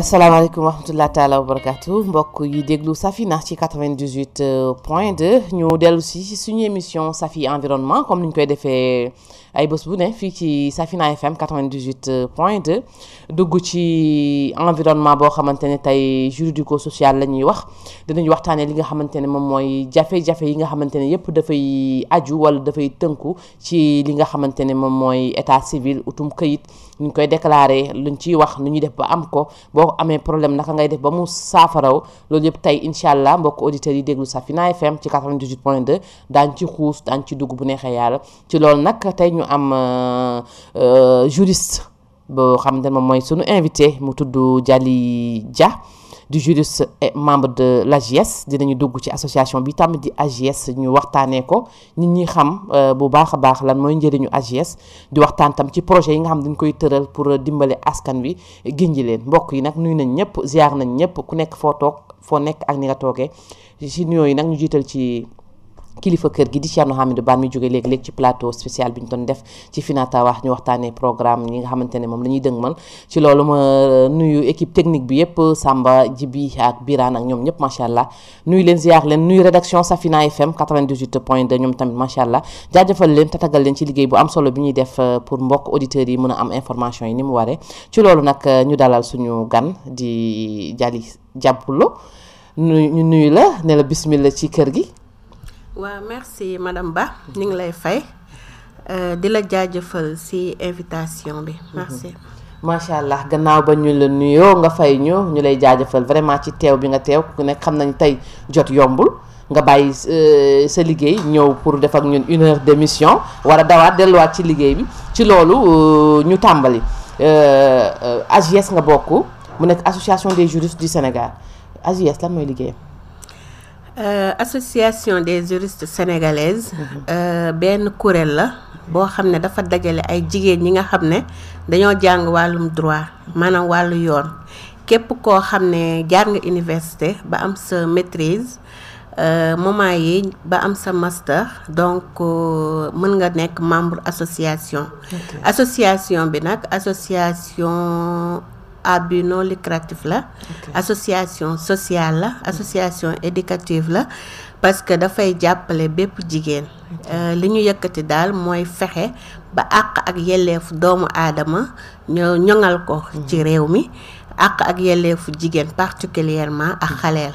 asalaamaaleykum wa rahmatulah taalaa wa barakaatu mbokk yi déglu Safina ci 98 euh, point 2 ñu dellu si suñu émission Safi environnement comme ni ñu koy defee. ay bés bu ne fii ci Safina FM 98 point de dugg ci environnement boo xamante ne tey juridico social la ñuy wax dinañu waxtaanee li nga xamante ne moom mooy jafe-jafe yi nga xamante ne yëpp dafay aju wala dafay tënku ci li nga xamante ne moom mooy état civil utum këyit ñu koy déclaré luñ ciy wax nu ñuy def ba am ko boo amee problème naka ngay def ba mu saafaraw loolu yëpp tey incha allah mbokk auditeurs yi déglu Safina FM ci 98 point 2 daañ ci xuus daañ ci dugg bu neexee yàlla ñu am euh, euh, juriste boo xam ne moom mooy suñu invité mu tudd Dialy Dia di juriste membre de l'AJS dinañu dugg ci association bi tamit di AJS ñu waxtaanee ko nit ñi xam euh, bu baax a baax lan mooy njëriñu AJS di waxtaan tam ci projet yi nga xam dañ koy tëral pour dimbale askan bi ginji leen mbokk yi nag nuyu nañ ñëpp ziar nañ ñëpp ku nekk foo toog foo nekk ak ni nga toogee si nuyoo ñu jiital ci. kilifa kër gi di Thierno Hamidou Bane mi jóge léegi-léegi ci plateau spécial bi ñu doon def ci Finata wax ñu waxtaanee programme ñi nga xamante ne moom la ñuy dëgmal ci loolu ma euh, nuyu équipe technique bi yëpp Samba Jibi ak Birane ak ñoom ñëpp macha allah nuyu leen ziar leen nuyu rédaction Safina FM 98 point 2 ñoom tamit macha allah jaajëfal leen tatagal leen ci liggéey bu am solo bi ñuy def euh, pour mbokk auditeurs yi mën a am information yi ni mu waree loolu nag euh, ñu dalal suñu gan di Dialy Diaboulo ñu nuyu la ne la bismillah ci kër gi waa merci madame Ba ñu ngi lay fay euh, di la jaajëfal ci invitation bi merci. Mhm. macha allah gannaaw ba ñu la nuyoo nga fay ñu ñu lay jaajëfal vraiment ci teew bi nga teew ku nekk xam nañ tey jot yombul. nga bàyyi euh, sa liggéey ñëw pour def ak ñun une heure d'émission war a dawaat delluwaat ci liggéey bi ci loolu euh, ñu tàmbali AJS nga bokk mu nekk association des juristes di Sénégal AJS lan mooy liggéeyam. Euh, association des juristes sénégalaises mhm. euh, Ben courel la bo xamné dafa dajale ay jigéen ñi nga xamné ne dañoo jàng droit manam walu yoon képp koo xam ne jaar nga université ba am sa maîtrise euh, moment yi ba am sa master donc euh, mën nga nekk membre association association bi nag association ab bi non lucratif la association sociale la association éducative la parce que dafay jàppale bépp jigéen euh, li ñu yëkkati daal mooy fexe ba àq ak yelleefu doomu adama, ñoo ñoŋal ko ci mm. réew mi àq ak yelleefu jigéen particulièrement ak mm. xaleel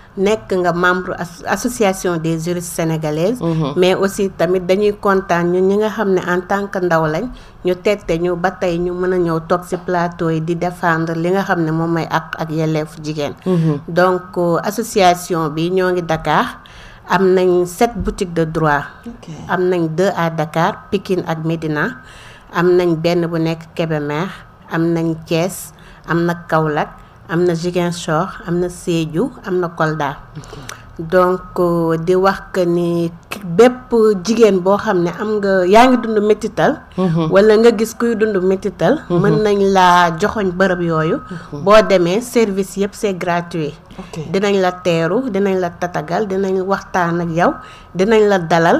nek nga membre association des juristes sénégalaises mhm. mais aussi tamit dañuy content ñun ñi nga xamné ne en tant que ndaw lañ ñu tété ñu batay ñu mëna a ñëw toog ci plateau di défendre li nga xamné ne may mooy ak ak yelleefu jigéen mhm. donc euh, association bi ñoo ngi Dakar am nañ sept boutiques de droit am nañ deux à Dakar Pikine ak medina am nañ benn bu nekk Kébémer am nañ Thiès am na Kaolack am na Ziguinchor am na séeju am na Kolda donc euh, di wax que ni bépp jigéen boo xam ne am nga yaa ngi dund métital mhm. wala nga gis kuy dund métital mhm. mën nañ laa joxoñ bërëb yooyu mhm. boo demee service yëpp c'est gratuit dinañ la teeru dinañ la tatagal dinañ waxtaan ak yow dinañ la dalal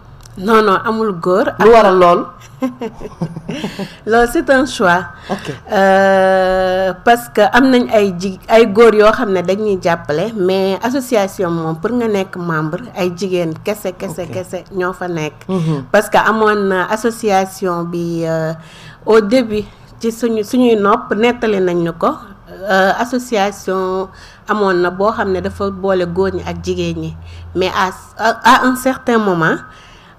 non non amul goor lu waral lool. loolu c'est un choix. euh, parce que am nañ ay ay góor yoo xam ne dañuy jàppale mais association moom pour nga nekk membre ay jigéen kese kese kese ñoo fa nekk. Mm-hmm. parce que amoon na association bi euh, au début ci suñu suñuy nopp nettali nañ ñu ko. Euh, association amoon na boo xam ne dafa boole góor ñi ak jigéen ñi mais à à un certain moment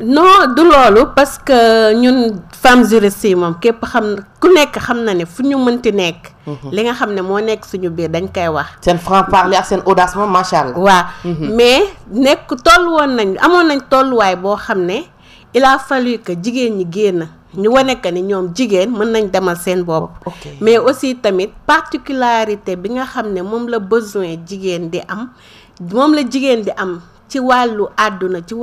non du parce que ñun femmes juristes yi képp xam ku nekk xam na fu ñu mënti nekk. Mhm. li nga xam ne franc parler audace moom macha mhm. mais toll ne il a fallu que jigéen ñi génn. ñu wane que ni ñoom jigéen mën nañ mais aussi tamit particularité bi nga ne la besoin jigéen di am moom la jigéen di am ci wàllu àdduna ci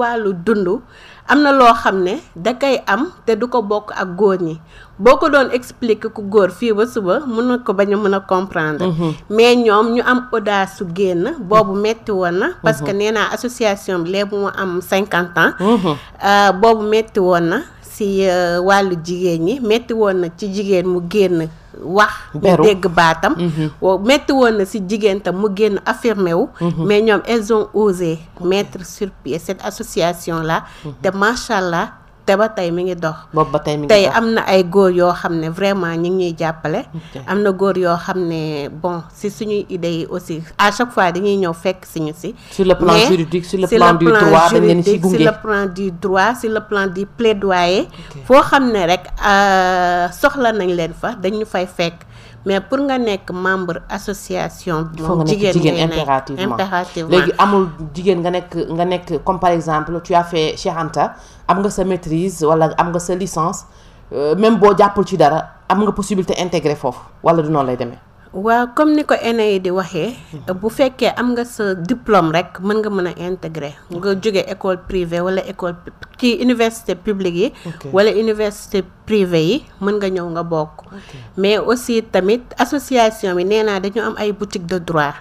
am na loo xam ne da koy am te du ko bokk ak góor ñi boo ko doon expliquer ku góor fii ba suba mun na ko bañ a mën a comprendre. Mhm. mais ñoom ñu am audace su génn boobu metti woon na. parce que mhm. nee naa association bi léegi mu am cinquante ans. Mhm. Euh, boobu metti woon na si euh, wàllu jigéen ñi metti woon na ci jigéen mu génn. wax ñu dégg baatam vous mhm. woon na si jigéen mu génn affirmé wu mhm. mais ñoom elles ont osé mettre sur pied cette association là de mhm. macha allah te ba tey mi ngi dox. boobu ba tey am na ay góor yoo xam ne vraiment ñu ngi ñuy jàppale. am na góor yoo xam ne bon si suñuy idées aussi à chaque fois dañuy ñëw fekk si ñu si. su le plan juridique sur le plan du droit dañ leen si gunge sur le plan du droit sur le plan du plaidoyer. foo xam ne rek euh, soxla nañ leen fa dañu fay fekk. mais pour nga sois membre association. tu jigéen impérativement Si amul jigéen nga nek nga nek comme par exemple tu as fait chez Hanta, am nga sa maîtrise wala am nga sa licence euh, même bo jàppul ci dara am nga possibilité intégrer foofu wala du non lay démé waaw comme ni ko ENA yi di waxee bu fekkee am nga sa diplôme rek mën nga mën a intégrer nga jóge école privée wala école ci université publique yi wala université privée yi mën nga ñëw nga bokk mais aussi tamit association bi nee naa dañu am ay boutique de droit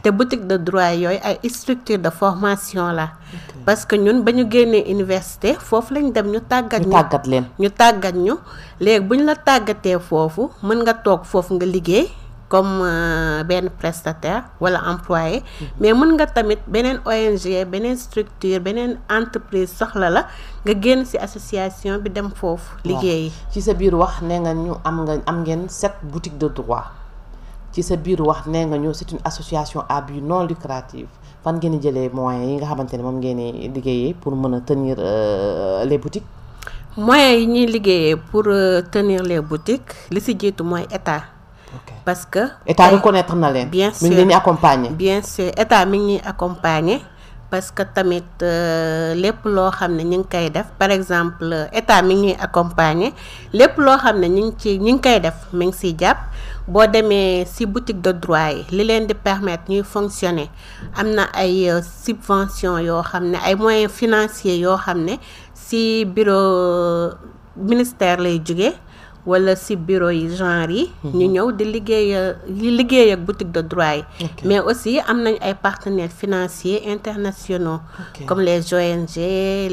te boutique de droit yooyu ay structure de formation la parce que ñun ba ñu génnee université foofu lañ dem ñu tàggat ñu leen ñu tàggat ñu léegi bu ñu la tàggatee foofu mën nga toog foofu nga liggéey comme ben prestataire wala employé mhm. mais mën nga tamit beneen ONG beneen structure beneen entreprise soxla la nga génn ci association bi dem foofu liguey ci sa biir wax nee nga ñu am nga am ngeen sept boutiques de droit ci sa biir wax nee nga ñu c'est une association à but non lucratif fan ngeen di moyens yi nga xamante mom moom liguey pour mën tenir euh, les boutiques moyens yi ñi liguey pour euh, tenir les boutiques li ci jiitu moy état parce que état reconnaître na len bien sûr mi bien sûr état mi ngi accompagner parce que tamit euh, lépp loo xam ne ñu ngi koy def par exemple état mi ngi accompagner lepp lo xam ne ñu ci ñu ngi koy def mi ngi siy jàpp si boutique de droit yi li leen di permettre ñuy fonctionner amna ay euh, subvention yo ay moyens financiers yo xam ci bureau euh, ministère lay jóge wala si bureau yi genre yi. Mhm. ñu ñëw di liggéey li liggéey ak boutique de droit mais aussi am nañ ay partenaires financiers internationaux. comme les ONG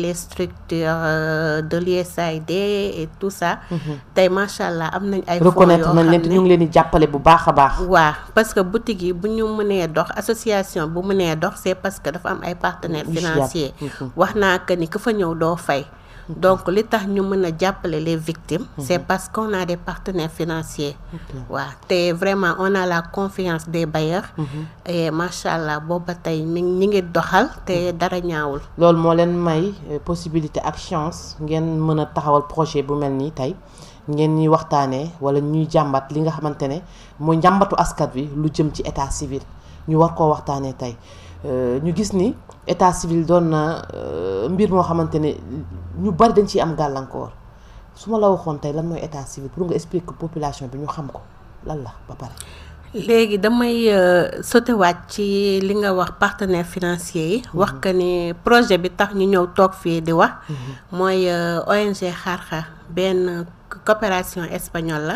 les structures euh, de l'USAID et tout ça. Mhm. tay machallah allah am nañ ay. fonds yoo xam les ñu ngi leen di jàppale bu baax a baax. parce que boutique yi bu ñu mënee dox association bu mënee dox c'est parce que dafa am ay partenaires financiers. Mhm. wax naa que ni ku fa ñëw doo fay donc li tax ñu mën a les victimes mhm. c'est parce qu'on a des partenaires financiers waaw te vraiment on a la confiance des bailleurs mhm. et macha allah booba tey mi ñi ngi doxal te mhm. dara ñaawul loolu moo leen may euh, possibilité ak chance ngeen mën taxawal projet bu mel nii tey ngeen ñuy wala ñuy jambat li nga xamante ne mooy askat wi lu jëm ci état civil ñu war ko waxtané tay euh, ñu gis ni état civil doon na euh, mbir moo xamante ñu bari dañ ciy am gàllankoor la lan état civil pour population bi ñu xam ko lan la ba euh, financiers mhm. que projet bi tax ñu ONG mhm. xarxa coopération espagnole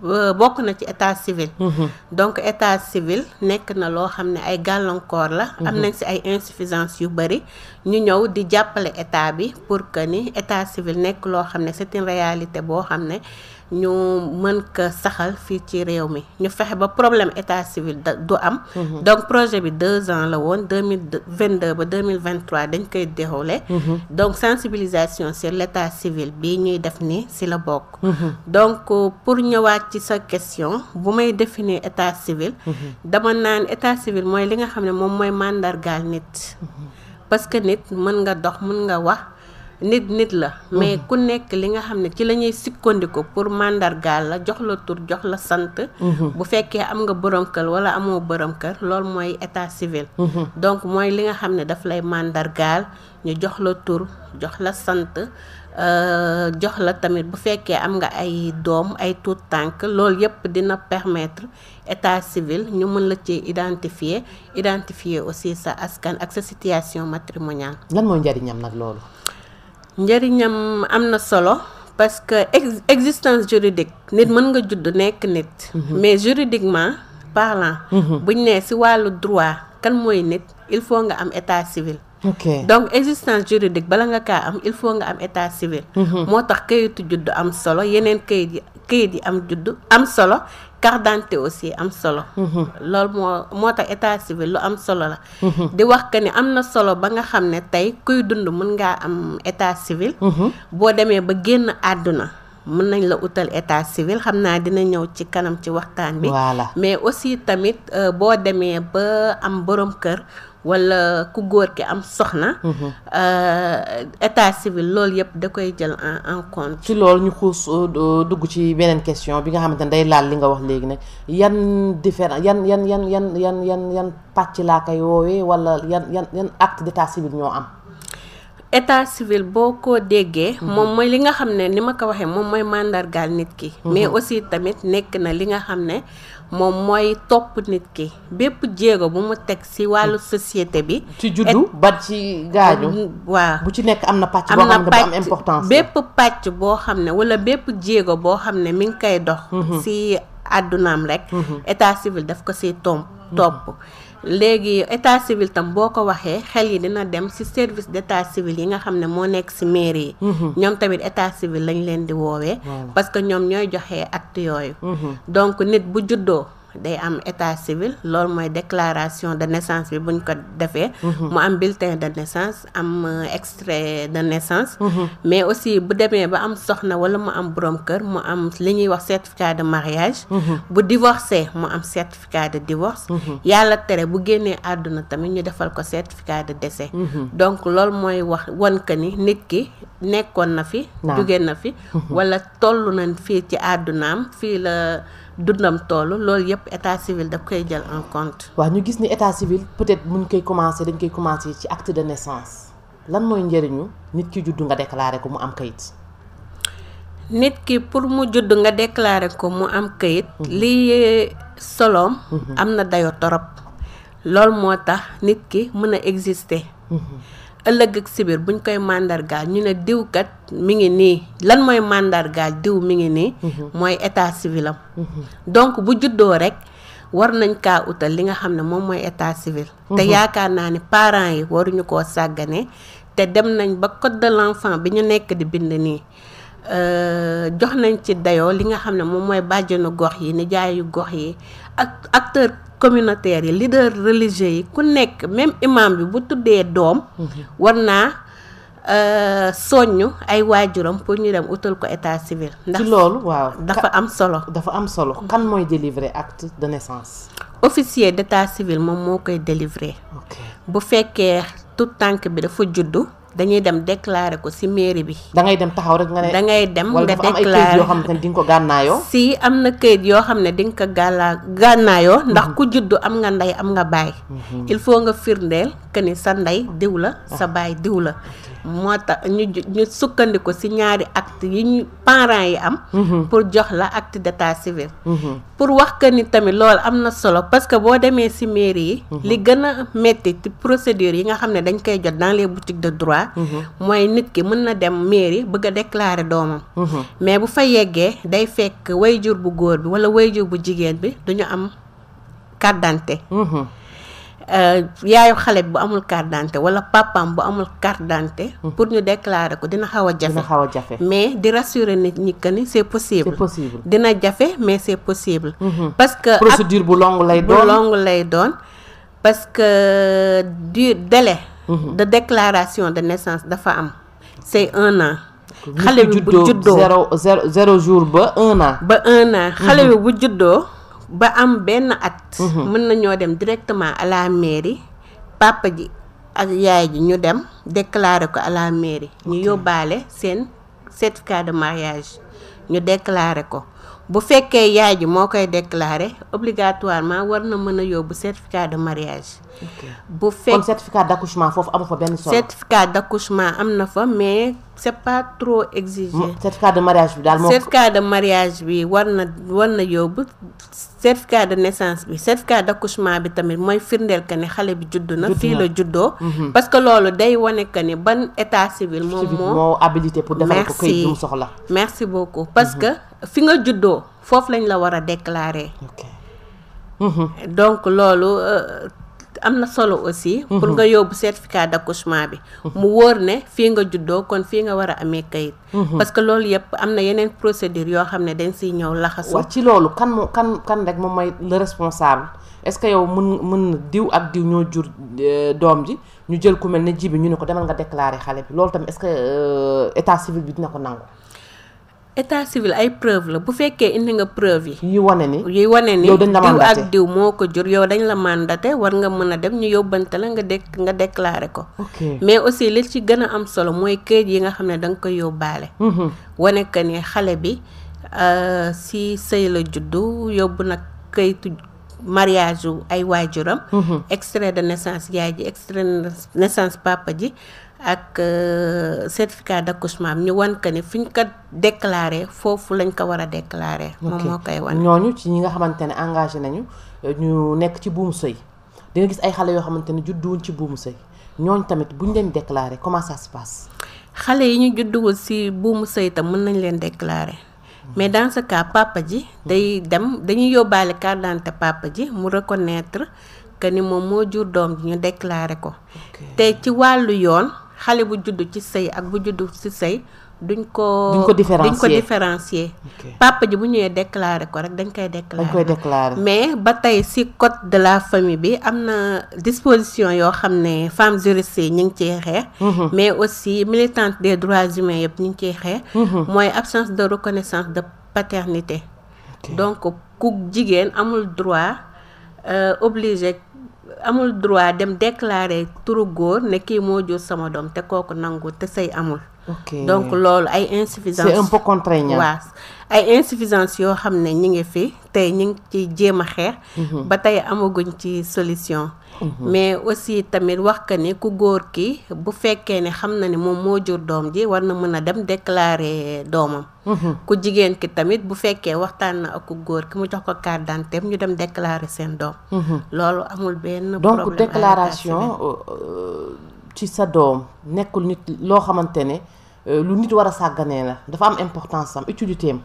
Euh, bokk na ci état civil mhm. donc état civil nekk na loo xam ne ay gàllankoor la am mhm. nañ si ay insuffisance yu bëri ñu ñëw di jàppale état bi pour que ni état civil nekk loo xam ne c'est une réalité boo xam ne ñu mën ko saxal fii ci réew mi ñu fexe ba problème état civil du am mhm. donc projet bi deux ans la woon 2022 ba 2023 dañ koy déroulé mhm. donc sensibilisation sur l' état civil bi ñuy def ni si la bokk mhm. donc euh, pour ñëwaat ci sa question bu may définir état civil dama naan état civil mooy li nga xam ne moom mooy nit parce que nit mën nga dox mën nga wax nit nit la mhm. mais ku nekk li nga xam ne ci la ñuy sukkandiku pour mandargaal la jox la tur jox la sant mhm. bu fekkee am nga borom wala amoo borom kër mooy état civil mhm. donc mooy li nga xam ne daf lay mandargaal ñu jox la tur jox la sant euh, jox la tamit bu fekkee am nga ay doom ay tuut tànk loolu yëpp dina permettre état civil ñu mën la ci identifier identifier aussi sa askan ak sa situation matrimoniale lan mooy njariñam nag loolu njëriñam am na solo parce que existence juridique nit mën nga judd nekk nit mhm. mais juridiquement parlant mhm. buñ nee si wàllu droit kan mooy nit il faut nga am état civil donc existence juridique bala nga kaa am il faut nga am état civil mhm. moo tax kayitu juddu am solo yeneen kayit yi kayit am juddu am solo carte d'identité aussi am solo. Mhm. loolu moo moo tax état civil lu am solo la. Mhm. di wax que ni am na solo ba nga xam ne tey kuy dund mun ngaa am état civil. Mhm. boo demee ba génn àdduna. mën nañ la utal état civil xam naa dina ñëw ci kanam ci waxtaan bi. mais aussi tamit euh, boo demee ba am borom kër. wala ku góor ki am soxna. Mhm. Euh, état civil loolu yëpp da koy jël en en compte. ci lool ñu xuus euh, euh, dugg ci beneen question bi nga xamante ne day laal li nga wax léegi nag yan différence yan yan yan yan yan yan yan pàcc laa koy woowee wala yan yan yan acte d' état civil ñoo am. état civil boo ko déggee mhm. moom mooy li nga xam ne ni ma ko waxee moom mooy màndargaal nit ki mhm. mais aussi tamit nekk na li nga xam ne moom mooy topp nit ki bépp jéego bu mu teg si wàllu mhm. société bi ci juddu ba ci gaañu mm, waaw bu ci nekk am na pàcc boo bépp pàcc boo xam ne wala bépp jéego boo xam ne mi ngi koy dox si àddunaam rek état civil daf ko si tomb topp léegi état civil tam boo ko waxee xel yi dina dem ci service d'état civil yi nga xam ne moo nekk ci maire yi mhm. ñoom tamit état civil lañ leen di woowee parce que ñoom ñooy joxe at yooyu mhm. donc nit bu juddoo day am état civil loolu mooy déclaration de naissance bi buñ ko defee mhm. mu am bulletin de naissance am euh, extrait de naissance mhm. mais aussi bu demee ba am soxna wala mu am borom kër mu am li ñuy wax certificat de mariage mhm. bu divorcé mu am certificat de divorce yàlla tere bu génnee àdduna tamit ñu defal ko certificat de décès donc loolu mooy wax wan n'est ni nit ki nekkoon na fi jóge na fi wala toll nañ fii ci àddunaam fii la dundam toll loolu yëpp état civil daf koy jël en compte. waaw ñu gis ni état civil peut-être buñ koy commencer dañ koy commencer ci acte de naissance lan mooy njëriñu nit ki juddu nga déclarer ko mu am kayit. nit ki pour mu judd nga déclarer ko mu am kayit. Mhm. lii soloom. Mhm. am na dayo torop loolu moo tax nit ki mën a exister. Mhm. ëllëg ak sibir buñ koy màndargaal ñu ne diwkat mi ngi nii lan mooy màndargaal diw mi ngi nii mhm. mooy état civil mhm. donc bu juddoo rek war nañ kaa utal li nga xam ne moom mooy état civil mhm. te yaakaar naa ni parent yi waruñu ko sàggane te dem nañ ba code de l'enfant bi ñu nekk di bind nii euh, jox nañ ci dayoo li nga xam ne moom mooy bàjjenu gox yi nijaayu gox yi ak acteur communautaire yi leader religieux yi ku nekk même imam bi bu tuddee doom war naa euh, soññ ay waajuram pour ñu dem utal ko état civil ndax loolu waaw dafa am solo dafa am solo kan mooy délivrer acte de naissance officier d'état civil moom moo koy délivrer bu fekkee tout tànk bi dafa juddu dañuy dem déclarer ko ci mairie bi. da ngay dem taxaw rek nga ne. da ngay dem nga déclarer yoo xam ne di nga ko gànnaayoo. si am na këyit yoo xam ne di nga ko gàllaa gànnaayoo. Mhm. ndax ku juddu am nga ndey am nga baay. Mhm. il faut nga firndeel que ni sa ndey diw la ah. sa baay diw la. moo tax ñu ñu sukkandiku ci ñaari acte yi ñu parents yi am. Mhm. pour jox la acte d'état civil. pour wax que ni tamit loolu am na solo parce que boo demee ci mairie yi. li gën a métti ci procédure yi nga xam ne dañ koy jot dans les de droit. droit mm-hmm. mooy nit ki mën na dem mairie bëgg a déclarer doomam mm-hmm. mais bu fa yeggé day fekk wayjur bu goor bi wala wayjur bu jigéen bi duñu am carte d'identité mm-hmm. euh, yaayu xale bu amul carte d'identité wala papam bu amul carte d'identité pour ñu déclarer ko dina xaw a jafe mais di rassurer nit ñi que ni c'est possible dina jafé mais c'est possible parce que procédure bu long lay doon bu longue lay doon parce que du délai Mm-hmm. de déclaration de naissance de femme, c'est un an. xale bu zéro zéro ba un an. ba un an mm-hmm. at. Mm-hmm. mën dem directement à la mairie papa ji ak ji ñu dem déclarer ko à la mairie. ñu certificat de mariage ñu déclarer ko bu fekkee yaay ji moo koy déclarer obligatoirement war na mën a yóbbu certificat de mariage. bu fekk kon certificat d' accouchement foofu amu fa benn solo. certificat d' accouchement am na fa mais c' est pas trop exigé. certificat de mariage bi daal moo. certificat de mariage bi war na war na yóbbu certificat de naissance bi certificat d' accouchement bi tamit mooy firndeel que ne xale bi juddu na. fii la juddoo. Mhm. parce que loolu day wane que ne ban état civil. moom moo habilité pour defal ko këyit bu mu soxla. merci merci beaucoup parce mhm. que. fi nga juddoo foofu lañu la war a déclarer. Mhm. donc loolu euh, am na solo aussi. Mhm. pour nga yóbbu certificat d'accouchement bi. Mhm. mu wóor ne fii nga juddoo kon fii nga war a amee kayit. parce que loolu yëpp am na yeneen procédure yoo xam ne dañ siy ñëw laxasu. waaw ci loolu kan moo kan kan rek moom may le responsable est-ce que yow mën mën diw ak diw ñoo jur euh, doom ji ñu jël ku mel ne ji bi ñu ne ko demal nga déclarer xale bi loolu tamit est-ce que euh, état civil bi dina ko nangu. état civil ay preuve la bu fekkee indi nga preuve yi. yuy wane ni yuy wane ni ak diw moo ko jur yow dañ la mandaté war nga mën a dem ñu yóbbante la nga dek nga déclaré ko. mais aussi li ci gën a am solo mooy këyit yi nga xam ne da nga koy yóbbaale. Mhm. wane que ni xale bi euh, si sëy la juddu yóbbu nag këyitu mariage yu ay waajuram. Mhm. extrait de naissance yaay ji extrait de naissance papa ji. ak euh, certificat d'accouchement am ñu wan ko ne fu ñu ko déclaré foofu lañ ko war a déclaré. moom moo koy wan ñooñu ci ñi nga xamante ne engagé nañu euh, ñu nekk ci buumu sëy di gis ay xale yoo xamante ne judduwuñ ci buumu sëy ñooñu tamit buñ leen déclaré comment ça se xale yi ñu judduwul si buumu sëy tam mën nañ leen déclaré. Hmm. mais dans ce cas ji day dem dañuy yóbbaale carte d'identité papa ji mu reconnaître que ni moom moo jur doom ji ñu déclaré ko. te ci wàllu yoon. xale bu judd ci sëy ak bu judd ci sëy duñ ko duñ ko différencier papa ji bu ñëwee déclaré ko rek dañ koy déclaré mais ba tey si code de la famille bi am na disposition yoo xam ne femmes juristes yi ñu mm-hmm. mais aussi militante des droits humains yëpp ñu ngi ciy xeex mm-hmm. absence de reconnaissance de paternité donc ku jigéen amul droit euh, obligé amul droit dem déclarer turu góor ne kii moo jur sama doom te kooku nangu te sëy amul. donc loolu ay insuffisance c'est un ay insuffisance yoo xam ne ñi ngi fi tey ñi ngi ci jéem a xeex mhm. ba tey amaguñ ci solution mhm. mais aussi tamit wax ka ni ku góor ki bu fekkee ne xam na ne moom moo jur doom ji war na mën a dem déclarer doomam mhm. ku jigéen ki tamit bu fekkee waxtaan na ak ku góor ki mu jox ko carte d'identité ñu dem déclarer seen doom loolu amul benn problème donc déclaration euh, ci sa doom nekkul nit loo xamante ne euh, lu nit war a sàgganee la dafa am importance am utilité am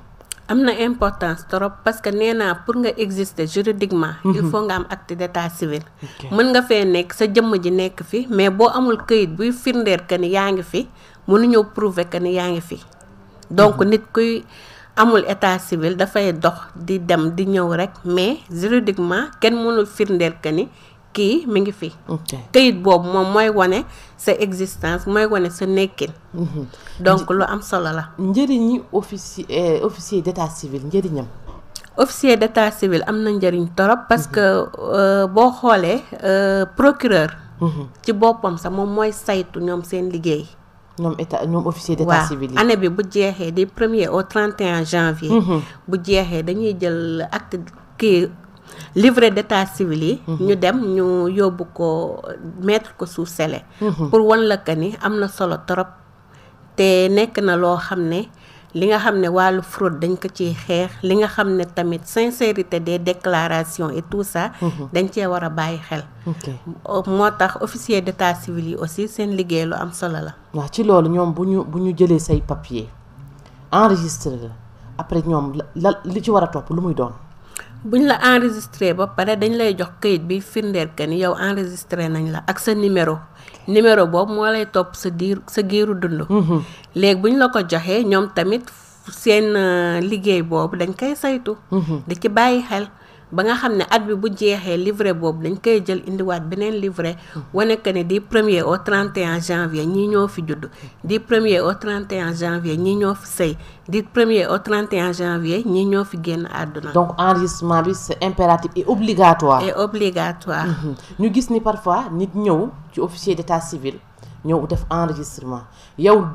am na importance trop parce que nee naa pour nga exister juridiquement. il mhm. faut nga am acte d'état civil. mën nga fee nekk sa jëmm ji nekk fi mais boo amul kayit buy firndeer que ni yaa ngi fi mënuñoo prouver que ni yaa ngi fi. donc mhm. nit kuy amul état civil dafay dox di dem di ñëw rek mais juridiquement kenn mënul firndeer que ni. kii mi ngi fi. moi boobu moom mooy wane sa existence mooy wane sa nekkin. Mhm. donc lu am solo la. njëriñi officier eh, officier d'état civil njëriñam. officier d'état civil am na njëriñ parce que euh, boo xoolee euh, procureur. Mhm. ci boppam sa moom mooy saytu ñoom seen liggéey. ñoom état ñoom officier d'état civil yi année bi bu jeexee premier au 31 janvier. Mhm. bu jeexee dañuy jël acte kii livret d'état civil yi mhm. ñu dem ñu yóbbu ko mettre ko sous scellé mhm. pour wan la ka ni am na solo trop te nekk na loo xam ne li nga xam ne wàllu fraude dañ ko ci xeex li nga xam ne tamit sincérité des déclarations et tout ça mhm. dañ cee war a bàyyi xel moo tax officier d'état civil yi aussi seen liggéey lu am solo la waaw ci loolu ñoom bu ñu bu ñu jëlee say papier enregistré après ñoom la li ci war a topp lu muy doon buñ la enregistré ba pare dañ lay jox kayit bi firndeer que ni yow enregistré nañ la ak sa numéro numéro boobu moo lay topp sa diir sa giiru dund. Mm-hmm. léegi buñ la ko joxee ñoom tamit seen euh, liggéey boobu dañ koy saytu. Mm-hmm. di ci bàyyi xel. ba nga xam ne at bi bu jeexee livret boobu dañ koy jël indiwaat beneen livret wane que ne di premier au 31 janvier ñi ñoo fi judd di premier au 31 janvier ñi ñoo fi sëy di premier au 31 janvier ñi ñoo fi génn àdduna. donc enregistrement bi c'est impératif et obligatoire. et obligatoire. Mhm. ñu gis ni parfois nit ñëw ci officier d'état civil. ñëw def enregistrement yow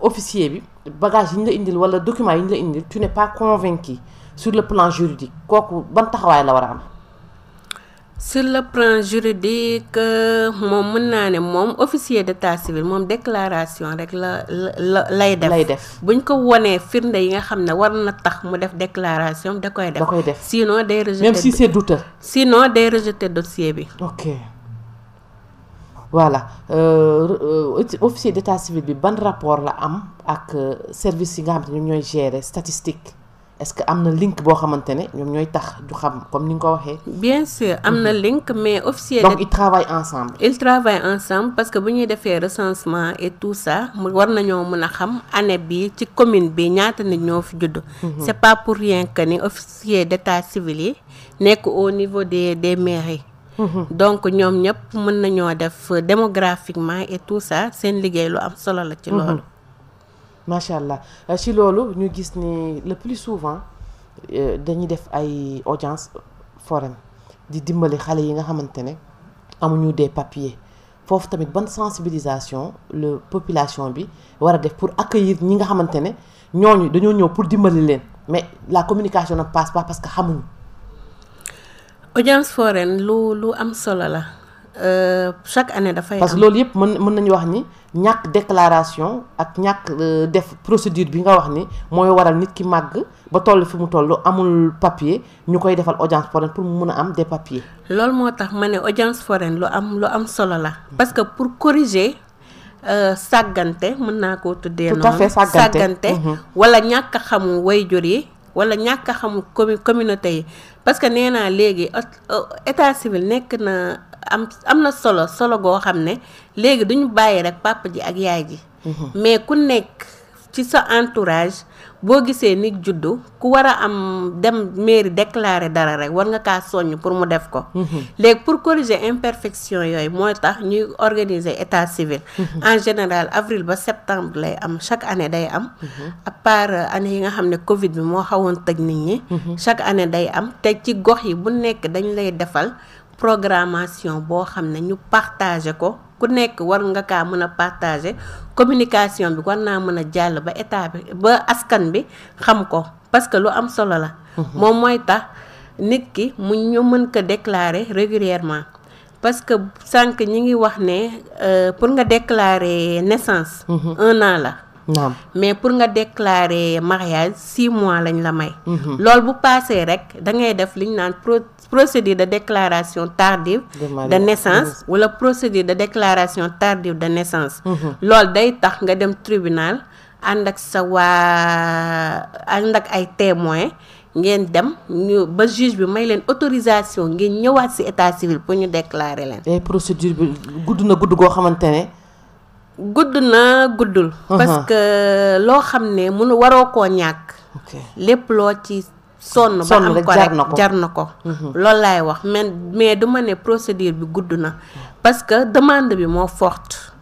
officier bi bagage yi ñu la indil wala document yi ñu la indil tu n'es pas convaincu sur le plan juridique kooku ban taxawaay la war am. sur le plan juridique moom mën naa officier d'état civil moom déclaration rek la la lay def lay def buñ ko wonee firnde yi nga xam ne war na tax mu def déclaration da koy def sinon day rejeté même si c'est douteux sinon day rejeté dossier bi ok voilà euh, euh, officier d'état civil bi ban rapport la am ak euh, service yi nga xam ne ñoom ñooy gérer statistique est-ce que am na link boo xamante ne ñoom ñooy tax ñu xam comme ni nga ko waxee. bien sûr am na mhm. link mais officiel. donc ils travaillent ensemble. ils travaillent ensemble parce que bu ñuy defee recensement et tout ça mu war nañoo mën a xam année bi ci commune bi ñaata nit ñoo fi judd. Mhm. c'est pas pour rien que ni officier d'état civil yi nekk au niveau des des mairies. Mhm. donc ñoom ñëpp mën nañoo def démographiquement et tout ça seen liggéey lu am solo la ci loolu. Mashallah. allah euh, ci loolu ñu gis ni le plus souvent euh, dañuy def ay audience foraine di dimbali xalé yi nga xamantene amuñu des papiers fofu tamit ban sensibilisation le population bi wara def pour accueillir ñi nga xamantene ne ñooñu dañoo ñëw pour dimbali leen mais la communication ne passe pas parce que xamuñu. audience foraine lu lu am solo la. Euh, chaque année dafay parce que loolu yep mën nañ wax ni ñàkk déclaration ak ñàkk euh, def procédure bi nga wax ni moy waral nit ki mag ba toll fi mu toll amul papier ñukoy koy defal audience foraine pour mu am des papiers. loolu motax mané audience foraine lu am lu am solo la. parce que pour corriger euh, sàggante mën naa koo tuddee. noonu sàggante mhm. wala ñàkk a xamu way jur yi wala ñàkk a xam communauté yi parce que nee naa léegi euh, euh, état civil nekk na am am na solo solo goo xam ne léegi duñu bàyyi rek papa ji ak yaay ji mm-hmm. mais ku nekk ci sa entourage boo gisee nit juddu ku war a am dem mairie déclarer dara rek war nga kaa soññ pour mu def ko mhm. léegi pour corriger imperfection yooyu mooy tax ñuy organiser état civil mhm. en général avril ba septembre lay am chaque année day am mhm. à part euh, année yi nga xam ne covid bi moo xawoon tëj nit ñi chaque année day am te ci gox yi bu nekk dañ lay defal programmation boo xam ne ñu partager ko ku nekk war nga kaa mën a partager communication bi war naa mën a jàll ba état bi ba askan bi xam ko parce que lu am solo la. Mhm. moom mooy tax nit ki mu ñu mën ko déclarer régulièrement parce que sànq ñi ngi wax ne euh, pour nga déclarer naissance. Mhm. un an la. naam mais pour nga déclarer mariage 6 mois lañ la may. Mhm. loolu bu paasee rek da ngay def liñ nane procédure de déclaration tardive. de naissance wala procédure de déclaration tardive de naissance. Mhm. loolu day tax nga dem tribunal ànd ak sa wa ànd ak ay témoins. ngeen dem ñu ba juge bi may leen autorisation ngeen ñëwaat ci état civil pour ñu déclarer leen. et procédure bi gudd na gudd goo xamante ne. gudd na guddul. parce loo xam ne mënu waroo ko ñàkk. lépp loo ci sonn. ba am ko rek jar na ko. Mhm. loolu laay wax mais mais du ma ne procédure bi gudd na parce que demande bi moo forte.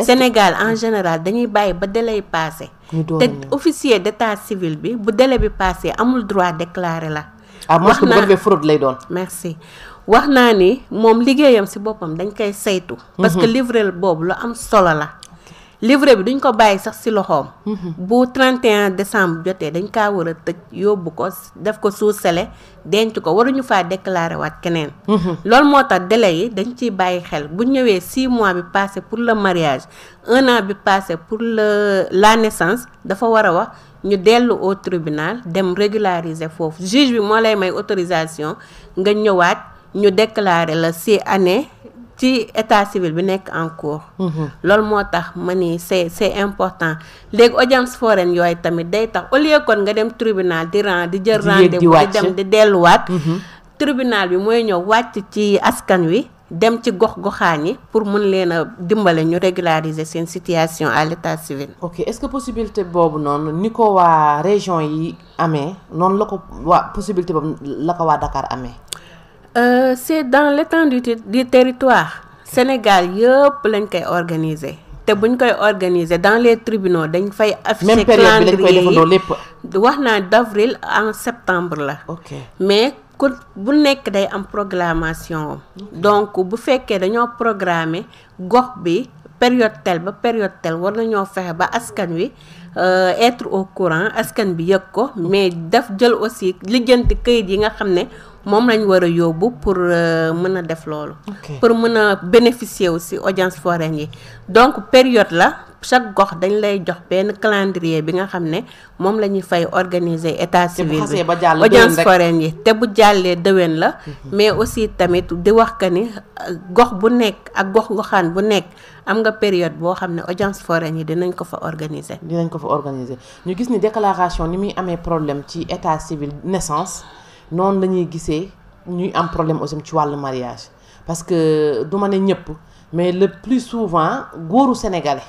Sénégal en général dañuy bàyyi ba délai passé. te officier d'état civil bi bu délai bi passé amul droit déclarer la. Merci. ko lay doon. merci wax naa ni moom liggéeyam si boppam dañ koy saytu. Mhm. parce que livrel boobu lu am solo la. bi duñ ko bàyyi sax 31 mhm. décembre a tëj ko def ko sous denc ko déclaré waat keneen. Mhm. loolu moo délai xel bu mois bi passé pour le mariage un an bi passé pour le la naissance dafa war ñu dellu au tribunal dem régulariser fofu juge bi mo lay may autorisation nga ñëwaat ñu déclarer la si année ci état civil bi nekk en cours. Mhm. loolu moo tax ma ni c'est c'est important léegi audience foraine yooyu tamit day tax au lieu kon nga dem tribunal di rend di jël rendez-vous di dem di delluwaat. Mhm. tribunal bi mooy ñëw wàcc ci askan wi dem ci gox pour régulariser situation à l'état civil. ok est-ce que possibilité boobu non région yi amee la possibilité la ko Dakar euh, c'est dans l'étendue du territoire Sénégal yëpp lañ koy te dans les tribunaux dañ fay en septembre la. ok mais ku bu nekk day am programmation donc bu fekkee dañoo programmer gox bi période tel ba période tel war nañoo fexe ba askan wi euh, être au courant askan bi yëg ko mais daf jël aussi lijjanti këyit yi nga xam ne moom lañ war a yóbbu pour euh, mën a def loolu pour mën a bénéficier aussi audience foraine yi donc période la chaque gox dañ lay jox benn calendrier bi nga xam ne moom la ñuy fay organiser état civil bi audience foraine yi te bu jàllee déwén la mhm. mais aussi tamit di wax que ni euh, gox bu nekk ak gox goxaan bu nekk am nga période boo xam ne audience foraine yi dinañ ko fa organiser dinañ ko fa organiser ñu gis ni déclaration ni muy amee problème ci état civil naissance noonu la ñuy gisee ñuy am problème aussi ci wàllu mariage parce que duma ma ne ñëpp mais le plus souvent góoru sénégalais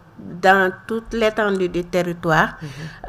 dans toute l'étendue du territoire.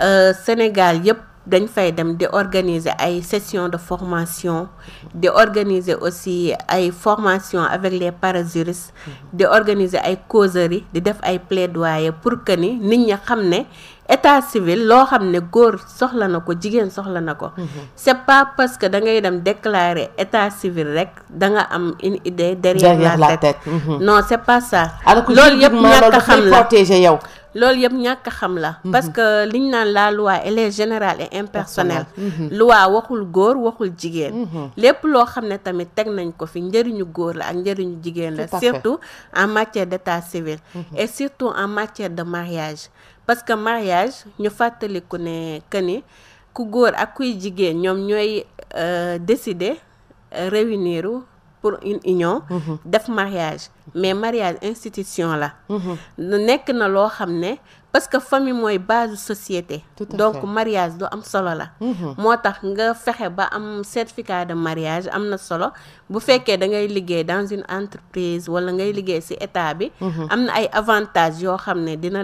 Euh, Sénégal a dañ fay dem di organiser ay sessions de formation di organiser aussi ay formation avec les parajuristes di organiser ay causeries di def ay plaidoyer pour que ni nit ñi xam ne état civil loo xam ne góor soxla na ko jigéen soxla na ko mhm. c'est pas parce que da ngay dem déclarer état civil rek da nga am une idée derrière la tête mhm. non c'est pas ça loolu yëpp ñàkk a xam la protéger yow loolu yëpp ñàkk xam la mhm. parce que liñ naan la loi elle est générale et impersonnelle mhm. loi waxul góor waxul jigéen mhm. lépp loo xam ne tamit teg nañ ko fi njëriñu góor la ak njëriñu jigéen la surtout en matière d'état civil et surtout en matière de mariage parce que mariage ñu fàttaliku ne que ni ku góor ak kuy jigéen ñoom ñooy euh, décider euh, réunir pour une union. Mhm. def mariage mais mariage institution là, mhm. nekk na lo xamné parce que famille moy base société. donc mariage do am solo la. Mhm. nga certificat de mariage amna solo bu da ngay dans une entreprise wala ngay ci état bi. ay avantages dina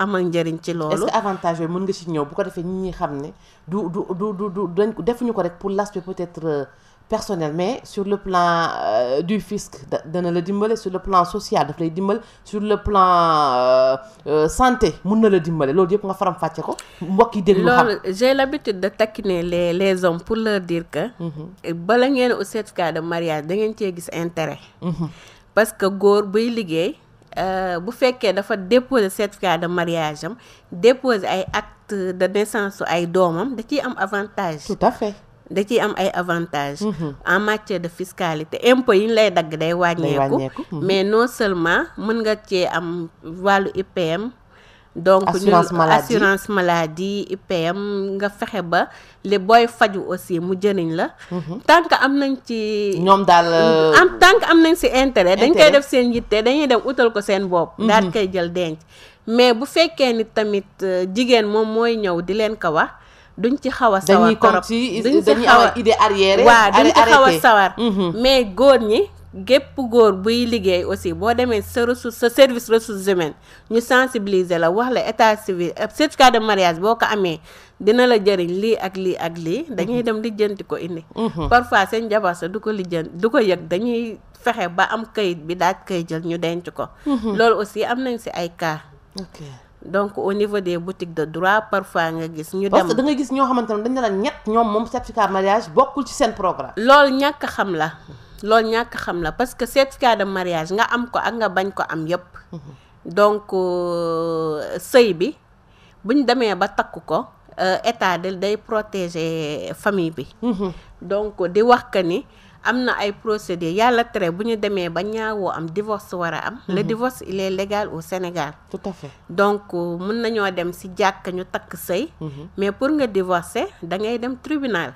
est-ce avantage nga ci bu du du du du pour l'aspect peut-être euh, personnel mais sur le plan euh, du fisc dana la dimbale sur le plan social daf le dimbal sur le plan euh, euh, santé mun na la dimbale loolu yëpp nga faram fàcce ko mbokk yi déglu xam j'ai l'habitude de taquiner les les hommes pour leur dire que mhm. bala ngeen au certificat de mariage da ngeen cee intérêt mhm. parce que góor buy liggéey euh, bu fekkee dafa déposer certificat de mariage déposer ay acte de naissance su ay doomam da ciy am avantage tout à fait da ciy am ay avantages. Mhm. en matière de fiscalité impôt yi lay dagg day wàññeeku mhm. mais non seulement mën nga cee am wàllu IPM donc assurance maladie assurance maladie IPM nga fexe ba li booy faju aussi mu jëriñ la. Mhm. tant que am nañ ci. ñoom daal am euh, tant am nañ si intérêt. dañ koy def seen yitte dañuy dem utal ko seen bopp. daal koy jël denc mais bu fekkee nit tamit euh, jigéen moom mooy ñëw di leen ko wax. duñ ci xaw a sawar trop dañuy dañuy am idée arrière waaw duñ ci xaw a sawar mhm. mais góor ñi gépp góor buy liggéey aussi boo demee sa ressource sa service ressources humaines ñu sensibiliser la wax la état civil certificat de mariage boo ko amee dina la jariñ lii ak lii ak lii dañuy mhm. dem lijjanti ko indi mhm. parfois seen jabar sa du ko lijjanti du ko yëg dañuy fexe ba am kayit bi daaj koy jël ñu denc ko loolu aussi am nañ si ay cas donc au niveau des boutiques de droit parfois nga gis ñu dem parce que da nga gis ño dañ mariage bokul ci programme lol ñak xam la ñak xam la parce que certificat de mariage nga am ko ak nga bañ ko am donc ont euh, bi buñ ba euh, day famille mhm. donc di wax am na ay procédures yàlla tere bu ñu demee ba ñaawoo am divorce war a am. le mhm. divorce il est légal au Sénégal. tout à fait donc euh, mun nañoo dem si jàkk ñu takk sëy. Mhm. mais pour nga divorcer da ngay dem tribunal.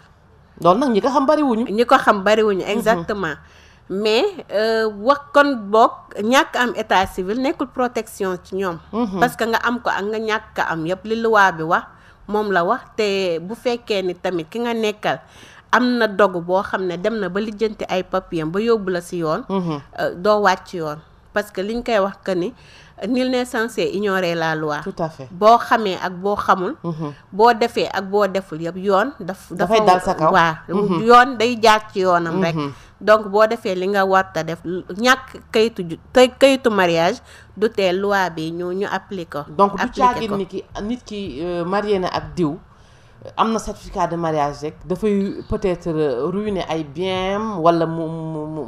loolu nag ñi ko xam bariwuñu. ñi ko xam bariwuñu mhm. exactement. mais euh, wax kon boog ñàkk am état civil nekkul protection ci ñoom. parce que nga am ko ak nga ñàkk am yëpp li loi bi wax moom la wax te bu fekkee ni tamit ki nga nekkal. am na dogu boo xam ne dem na ba lijjanti ay papier ba yóbbu la si yoon. Mhm. Euh, doo wàcc yoon parce que ñu koy wax que ni nul n'est censé ignorer la loi. boo xamee ak boo xamul. Mhm. boo defee ak boo deful yëpp yoon. daf dafa dal sa kaw mhm. yoon day jaar ci yoonam rek. donc boo defee li nga warta def ñàkk kayitu ju kayitu mariage du tee loi bi ñu ñu appliqué ko. donc du caagin ki nit ki euh, marié na ak diw. am na certificat de mariage rek dafay peut-être euh, ruiner ay biens wala mu mu mu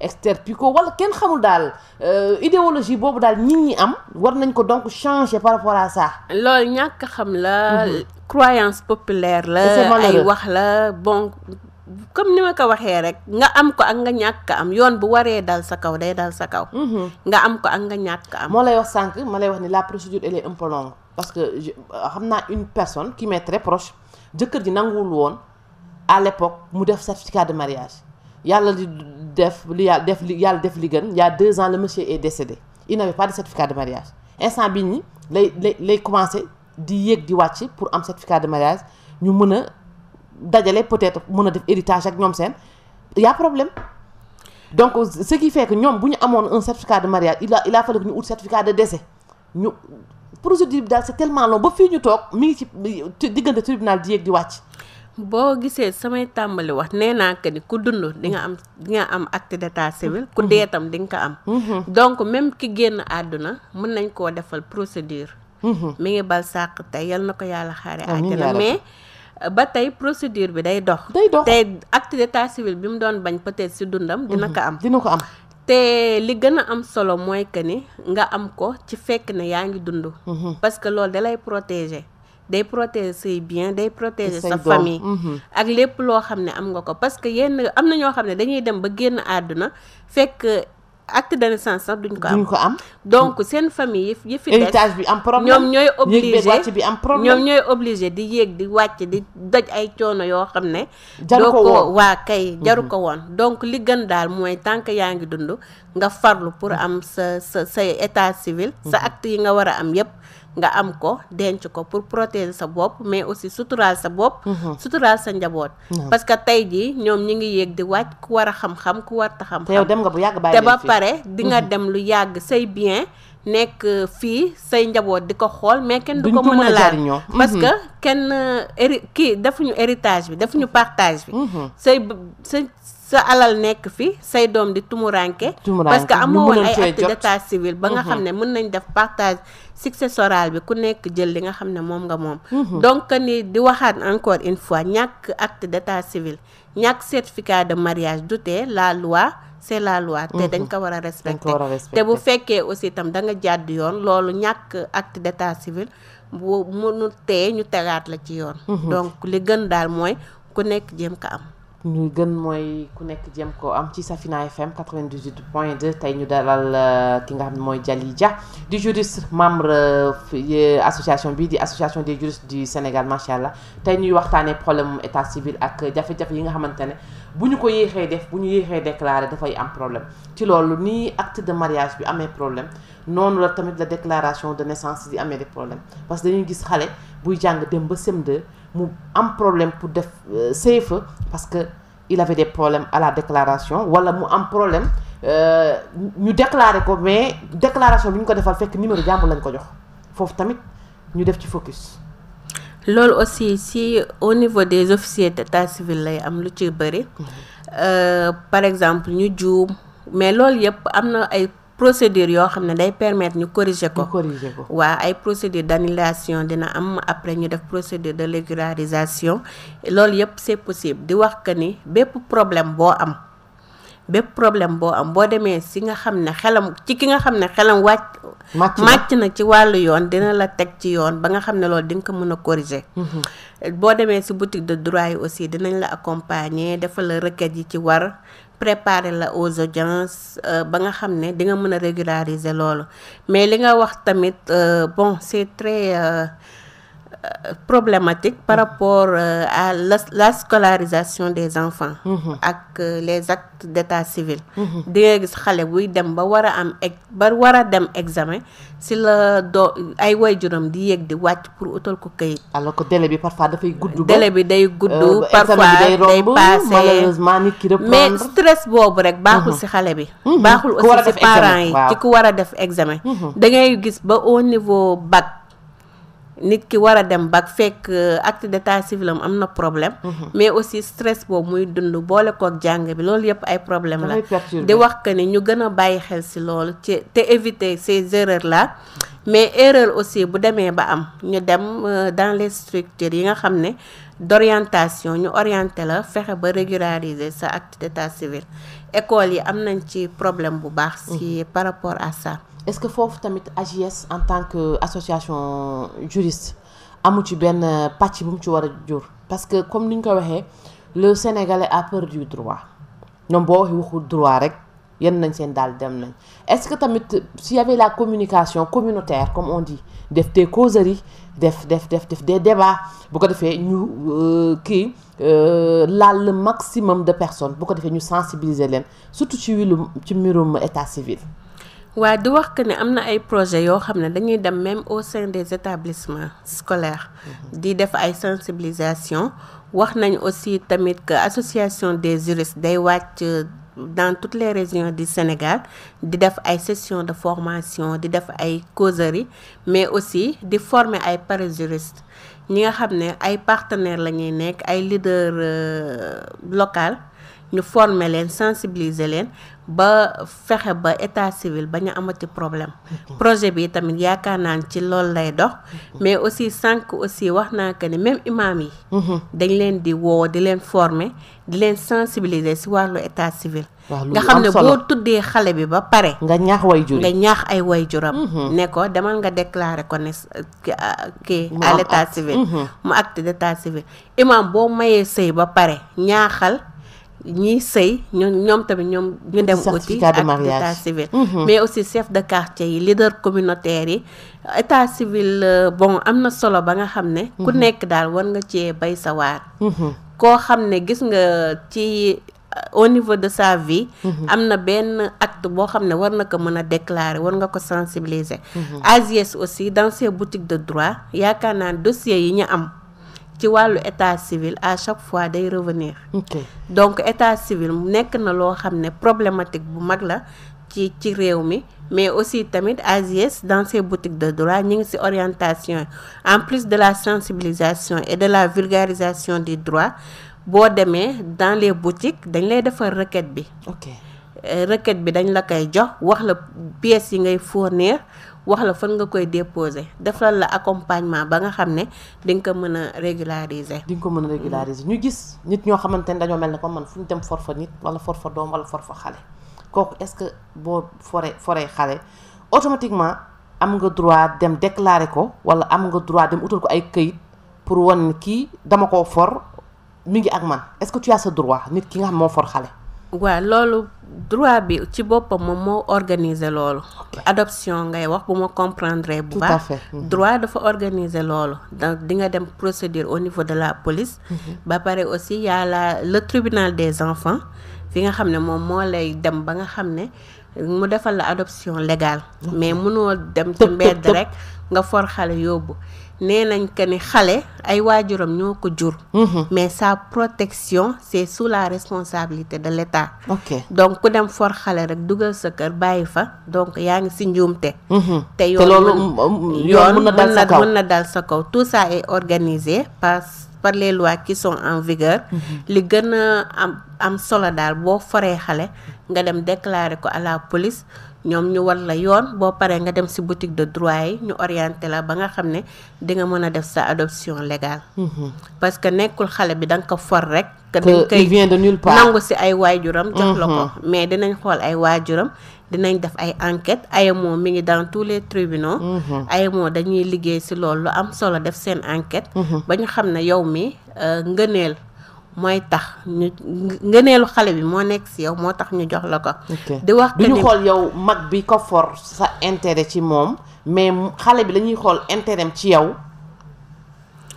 extirper wala kenn xamul daal euh, idéologie boobu daal nit ñi am war nañ ko donc changer par rapport à ça. loolu ñàkk xam la. Mhm. croyance populaire la. ay wax la bon. comme ni ma ko waxee rek nga am ko ak nga ñàkk am yoon bu waree dal sa kaw day dal sa kaw. Mhm. nga am ko ak nga ñàkk am. moo lay wax sànq ma lay wax ni la procédure elle est un peu longue parce que je une personne qui m'est très proche de ji nanguwul à l'époque mu def certificat de mariage Il y a y a deux ans le monsieur est décédé il n'avait pas de certificat de mariage instant bi ni les lay commencer, di pour un certificat de mariage ñu mëna a peut-être un héritage ak sen. Il y a problème donc ce qui fait que nous, on un certificat de mariage il a il fallu que ñu un certificat de décès procédure bi daal c'est tellement long ba fii ñu toog mu ngi ci diggante tribunal di yéeg di wàcc. boo gisee samay tàmbali wax nee naa que ni ku dund di nga am di nga am acte d'état civil. ku dee tam di nga ko am. Mm-hmm. donc même ki génn àdduna mën nañ koo defal procédure. Mm-hmm. mi ngi bal sàq tey yal na ko yàlla xaare àjjana mais. ba tey procédure bi day dox. day dox tey acte d'état civil bi mu doon bañ peut-être si dundam. dina mm-hmm. ko am dina ko am. te li gën am solo mooy que nga am ne mhm. parce que loolu da lay protéger. bien protéger sa famille mhm. ak lépp loo parce que yenn am na ñoo dañuy dem ba génn àdduna fekk acte de naissance sax duñ ko am duñ ko am. donc seen famille yi fi des bi am problème ñoom ñooy obligé bi am problème ñoom ñooy obligé di yéeg di wàcc di daj ay coono yoo xam ne. jaru ko woon waa kay mhm. jaru ko woon. donc li gën daal mooy tànk yaa ngi dund nga farlu pour mhm. am sa sa sa état civil. sa mhm. acte yi nga war a am yépp nga am ko denc ko pour protéger sa bop mais aussi sutural sa bop mhm. sutural sa njabot parce que tay ji ñom ñi ngi yegg di wacc ku wara xam-xam ku war ta xam yow dem nga bu yag baye te ba pare di nga mhm. dem lu yag say bien nek euh, fi say njabot diko xol mais ken duko meuna mën parce que mhm. ken euh, ki dafuñu héritage bi dafuñu partage bi say sa alal nekk fi say doom di tumuranke parce que amoo woon ay acte d'état civil ba nga xam ne mm-hmm. mën nañ def partage successoral bi ku nekk jël li nga xam ne moom nga moom mm-hmm. donc ni di waxaat encore une fois ñàkk acte d'état civil ñàkk certificat de mariage du tee la loi c'est la loi te mm-hmm. dañ ko war a respecter te bu fekkee aussi itam da nga jàdd yoon loolu ñàkk acte d'état civil bu mënu tee ñu tegaat la ci yoon donc li gën daal mooy ku nekk jéem ko am ñu gën mooy ku nekk jéem ko am ci Safina FM 98 point 2 tey ñu dalal euh, ki nga xam ne mooy Dialy Dia di juriste membre euh, association bi di association des juristes du Sénégal macha allah tey ñuy waxtaanee problème état civil ak jafe-jafe yi nga xamante ne bu ñu ko yéexee def bu ñu yéexee déclaré dafay am problème ci loolu nii acte de mariage bi amee problème. noonu la tamit la déclaration de naissance di amee des problèmes parce que dañuy gis xale buy jàng dem ba sem mu am problème pour def safe euh, parce que il avait des problèmes à la déclaration wala mu am problème euh, ñu déclarer ko mais déclaration bi ñu ko defal fekk numéro jàmbur lañ ko jox foofu tamit ñu def ci focus. loolu aussi si au niveau des officiers d'état civil lay am lu ci bëri mhm. euh, par exemple ñu juum mais loolu yëpp am na ay procédure yoo xam day corriger ko waaw ay procédure d'annulation dina am après ñu procédure de l'égalisation loolu c'est possible di wax que ni bépp problème boo am bépp problème am si nga xam ne ci ki nga xam ne xelam wàcc màcc na ci wàllu yoon dina la ci ba nga ko corriger mm-hmm. boo demee si boutique de droit aussi dinañ la accompagner defal la préparer la aux audiences euh, ba nga xam ne di nga mën a régulariser loolu mais li nga wax tamit euh, bon c'est très euh, Euh, problématique par rapport euh, à la, la, scolarisation des enfants. Mhm. avec euh, les actes d'état civil. Mhm. di nga gis buy dem ba wara am ba war a dem examen si la ay wayjuram di yegg di wacc pour utal ko kay alors que délai bi parfois fay goudou délai bi day gudd. parfois day passé malheureusement nit ki reprendre mais stress bobu rek. baxul mhm. si xalé bi. baxul aussi si parents yi ci ko wara def examen. da ngay gis ba au niveau bac. nit ki war a dem bac fekk euh, acte d'état civil am am na problème. Mhm. mais aussi stress boobu muy dund boole kook jàng bi loolu yëpp ay problème la. di wax que ni ñu gën a bàyyi xel si loolu ci te éviter ces erreurs la mais erreur aussi bu demee ba am ñu dem euh, dans les structures yi nga xam ne d'orientation ñu orienté la fexe ba régulariser sa acte d'état civil école yi am nañ ci problème bu baax. ci mhm. par rapport à ça. est-ce que foofu tamit AGS en tant que association juriste amu ci benn pàcc bu mu ci parce que comme ni le ko le sénégalais a peur du droit non boo eu waxu droit rek yenn nañ sen dal dem nañ est-ce que tamit s'il y avait la communication communautaire comme on dit def des causeries def def def des débats bu ko defee ñu euh, ki euh, le maximum de personnes bu ko defee ñu sensibiliser len surtout ci le ci mbirum état civil nous avons wax que ne ay même au sein des établissements scolaires mhm. di def ay sensibilisation wax nañ aussi tamit que association des juristes euh, dans toutes les régions du Sénégal di def ay sessions de formation des def causeries mais aussi di former ay parajuristes ñi nga xam partenaires des leaders euh, local ñu former leen sensibiliser leen ba fexe ba état civil ba ñu amati problème projet bi tamit yaakaar naan ci loolu lay dox mais aussi sànq aussi wax naa que ni même imaam yi mhm. dañ leen di woo di leen former di leen sensibiliser si wàllu état civil nga xam ne boo tuddee xale bi ba pare nga ñaax way jur nga ay way juram mhm. ne ko demal nga déclarer ko ne kii à l'état civil mhm. mu acte d'état civil imam boo mayee sëy ba pare ñaaxal sey mhm. mais aussi chef de quartier leader communautaire état civil euh, bon amna solo ba nga xamné ku mhm. nekk daal war nga bay mhm. euh, au niveau de sa vie amna ben acte bo war déclarer war nga sensibiliser aussi dans ses boutiques de droit yaakaar naa dossier yi am ci walu état civil à chaque fois day revenir donc état civil nek na lo xamné problématique bu mag la ci ci mais aussi tamit AJS dans ses boutiques de droit ñi ci orientation en plus de la sensibilisation et de la vulgarisation des droits bo démé dans les boutiques dañ lay defar requête bi euh, requête bi dañ la kay jox wax la pièces yi ngay fournir wax la fan nga koy déposer defal la accompagnement ba nga xam ne di nga ko mën a régulariser. di nga ko mën a régulariser mm. ñu gis nit ñoo xamante ne dañoo mel ne ko man fu ñu dem forfa nit wala forfa doom wala forfa xale kooku est-ce que boo foree foree xale automatiquement am nga droit dem déclarer ko wala am nga droit dem utal ko ay këyit pour wan kii dama koo for mi ngi ak man est-ce droit nit ki nga xam moo for xale. waaw loolu droit bi ci boppam moom moo organiser loolu adoption ngay wax bu ma comprendre bu baax mhm. droit dafa organiser loolu donc di nga dem procédure au niveau de la police mhm. ba pare aussi y a la le tribunal des enfants fi nga xam ne moom moo lay dem ba nga xam ne mu defal la adoption légale mais mënoo dem ci mbedd rek nga for xale yóbbu nee nañ que ni xale ay waajuram ñoo ko jur. Mhm. mais sa protection c'est sous la responsabilité de l'État. ok donc ku dem for xale rek dugal sa kër bàyyi fa donc yaa ngi si njuumte. Mhm. te mm, mm, yoon yoon mën na mën na dal sa kaw tout ça est organisé par par les lois qui sont en vigueur. Mhm. li gën a am am solo daal boo foree xale nga dem déclarer ko à la police ñom ñu war la yoon bo paré nga dem ci boutique de droit yi ñu orienté la ba nga xamné di nga mëna def sa adoption légale. Mhm. parce que nekul xalé bi da nga ko for rek. que dañ koy nangu ci ay wajuram jox la ko mhm. mais dinañ xol ay wajuram dinañ def ay enquête ay mo mi ngi dans tous les tribunaux mhm. ay mo dañuy liggéey ci loolu am solo def sen enquête ba ñu xam yow mi euh, ngëneel mooy tax ñu xale bi moo nekk si yow moo tax ñu jox la ko. di wax que duñu xool yow mag bi ko for sa intérêt ci moom mais xale bi lañuy xool intérêt ci yow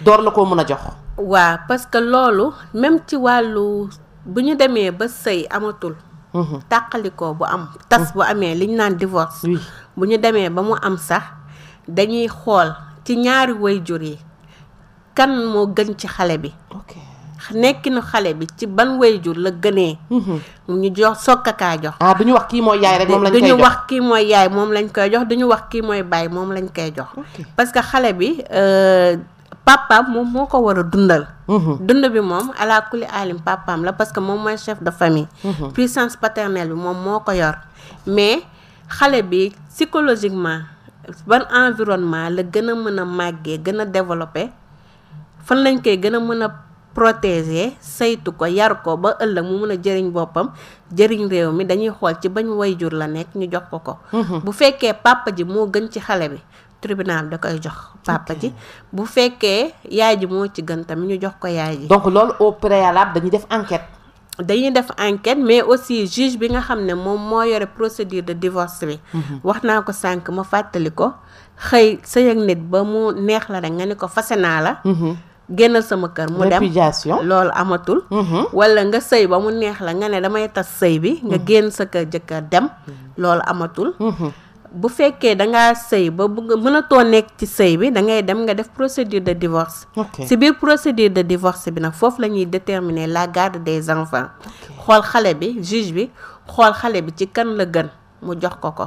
door la ko mën a jox. waa parce que loolu même ci wàllu bu ñu demee ba sëy amatul. Mhm. tàqalikoo bu am tas bu amee liñ naan divorce. bu ñu demee ba mu am sax dañuy xool ci ñaari wayjur yi kan moo gën ci xale bi. nekkinu xale bi ci ban wayjur la gënee. Mhm. ñu jox sokkakaa jox. ah du ñu wax kii mooy yaay rek moom lañ koy jox du wax kii mooy yaay moom lañ koy jox du ñu wax kii mooy baay moom lañ koy jox. parce que xale bi euh, papaam moom moo ko war a dundal. Mhm. dund bi moom ala kulli alim papaam la parce que moom mooy chef de famille. Mhm. puissance paternelle bi moom moo ko yor mais xale bi psychologiquement ban environnement la gën a mën a màggee gën a développé fan lañ koy gën a mën a. protéger saytu ko yar ko ba ëllëg mu mun a jëriñ boppam jëriñ réew mi dañuy xool ci bañ way jur la nekk ñu jox ko ko mhm. bu fekkee papa ji moo gën ci xale bi tribunal da koy jox papa ji bu fekkee yaay ji moo ci gën tamit ñu jox ko yaay ji donc loolu au préalable dañuy def enquête dañuy def enquête mais aussi juge bi nga xam ne moom moo yore procédure de divorce bi mhm. wax naa ko sànq ma fàttali ko xëy sëy ak nit ba mu neex la rek ne ko fase naa la mhm. génnal sama kër mu dem lool amatul mhm. wala nga sey ba mu neex la nga ne damay tas sey bi nga mhm. génn sa kër jëkkër dem mhm. lool amatul bu fekkee da nga sey ba mëna mënatoo nekk ci sey bi da ngay dem nga def procédure de divorce si biir procédure de divorce bi nag foofu la ñuy déterminer la garde des enfants xool xale bi juge bi xool xale bi ci kan la gën mu jox ko ko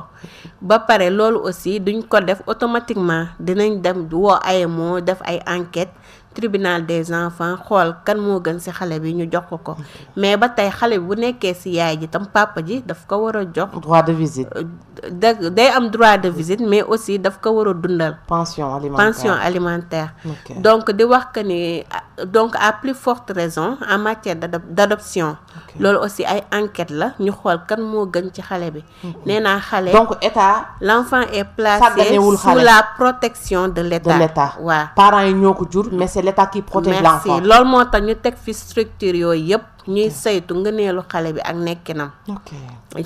ba pare loolu aussi duñ ko def automatiquement dinañ dem woo ay def ay enquête tribunal des enfants xool kan mo gën ci xalé bi ñu jox ko mais ba tay xalé bi bu nekké ci yaay ji tam papa ji daf ko wara jox. droit de visite. Euh, da day am droit de visite mais aussi daf ko wara dundal. pension alimentaire pension alimentaire. donc di wax que ni donc à plus forte raison en matière d'adoption. lool aussi ay enquête la ñu xool kan mo gën ci xalé bi. néna xalé donc état. l'enfant est placé sous la protection de l'état. de l'état parents ñoko jur mais c'est l'état qui protège l'enfant merci lol moo tax ñu teg fi structure yooyu yëpp ñuy saytu ngëneelu xalé bi ak nekkinam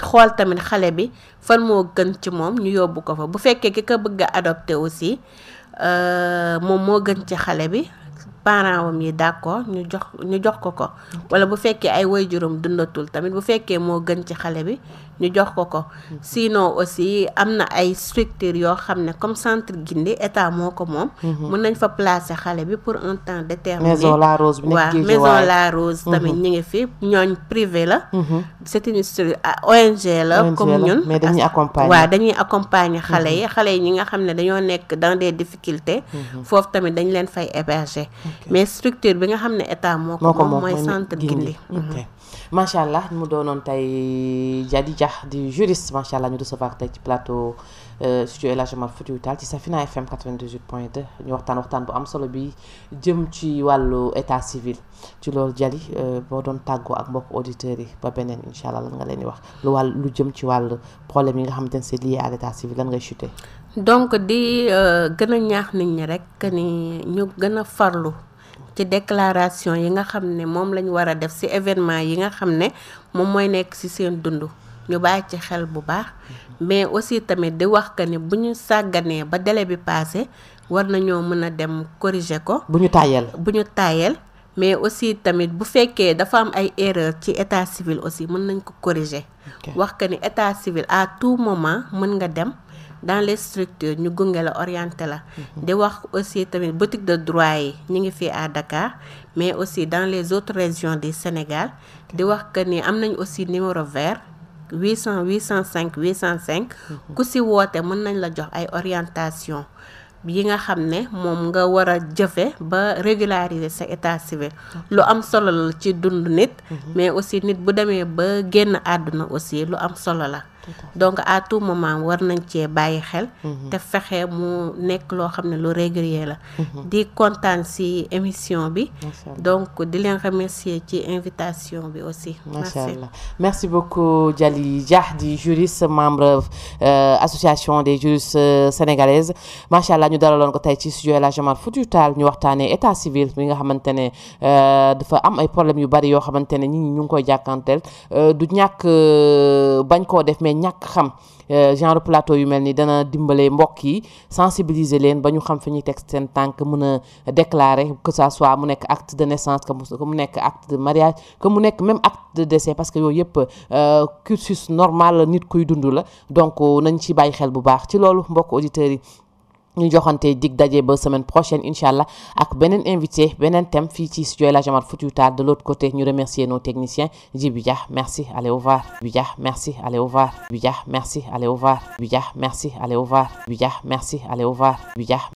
xol tamit xalé bi fan mo gën ci mom ñu yobbu ko fa bu fekke ki ka bëgg adopter aussi euh mom mo gën ci xalé bi parent wam yi d'accord ñu jox ñu jox ko ko wala bu fekkee ay waajuram dundatul tamit bu fekkee moo gën ci xale bi ñu jox ko ko sinon aussi am na ay structure yoo xam ne comme centre Guindi état moo ko moom mun mhm. nañ fa placer xale bi pour un temps déterminé maison la rose bi waaw la rose mhm. tamit ñu ngi fi ñooñ privé la mhm. c'est une structure ah, ONG la comme ñun mais dañuy accompagner waaw dañuy accompagner xale yi xale yi ñi nga xam ne dañoo nekk dans des difficultés foofu tamit dañ leen fay héberger mais structure bi nga xam ne état moo ko moo mooy centre Gindi mhm. macha allah mu doonoon tey Diady Dia di juriste macha allah ñu recevoir tey ci plateau euh, studio El Hadj Omar Foutiyou Tall ci Safina FM 98.2 ñu waxtaan waxtaan bu am solo bi jëm ci wàllu état civil ci loolu Diady euh, boo doon tàggoo ak mbokk auditeurs yi ba beneen incha allah lan leen di wax lu lu jëm ci wàllu problème yi nga xamante ne c'est lié à l'état civil lan ngay donc di euh, gën a ñaax nit ñi rek ni ñu gën a farlu. ci déclaration yi nga ne lañ war def événement yi nga ne moom mooy ñu mais aussi tamit wax que ni ba délai passé war corriger ko. mais aussi tamit bu fekkee dafa am ay erreur état civil aussi mën corriger. que état civil à tout moment dans les structures ñu gunge la orienté la. di wax aussi tamit boutique de droit yi ngi à Dakar mais aussi dans les autres régions du Sénégal di wax que ni am aussi numéro vert. 800 805 805 ku si woote mën nañ la jox ay orientation yi nga xam ne moom nga war a jëfe ba régulariser sa état civil lu am solo la ci dund nit mhm. mais aussi nit bu demee ba génn àdduna aussi lu am solo la donc à tout moment war nañ cee bàyyi xel mhm. te fexé mu nek lo xamné ne lu régulier la mhm. di contane si émission bi donc di leen remercier ci invitation bi aussi Merci. merci beaucoup Djali Jahdi juriste membre euh, association des juristes euh, sénégalaises machallah allah ñu dalaloon ko tay ci studio la Hadji Omar Foutiyou ñu waxtaanee état civil mi nga xamante euh, dafa am ay problèmes yu bari yo xamante ne nit ñi ñu ngi koy euh, du ñàkk euh, bañ ko def mais ñak xam euh, genre plateau sensibiliser leen xam déclarer que ça soit mu acte de naissance que mu acte de mariage que mu même acte de décès parce que euh, cursus normal donc euh, nañ ci xel bu baax ci mbokk yi ñu joxante dig dajé ba semaine prochaine inshallah, ak benen invité benen thème fi ci studio la Hadji Omar de l'autre côté ñu remercier nos techniciens Djibi merci allez au var Djibi merci allez au var Djibi merci allez au var Djibi merci allez au var Djibi merci allez au var Djibi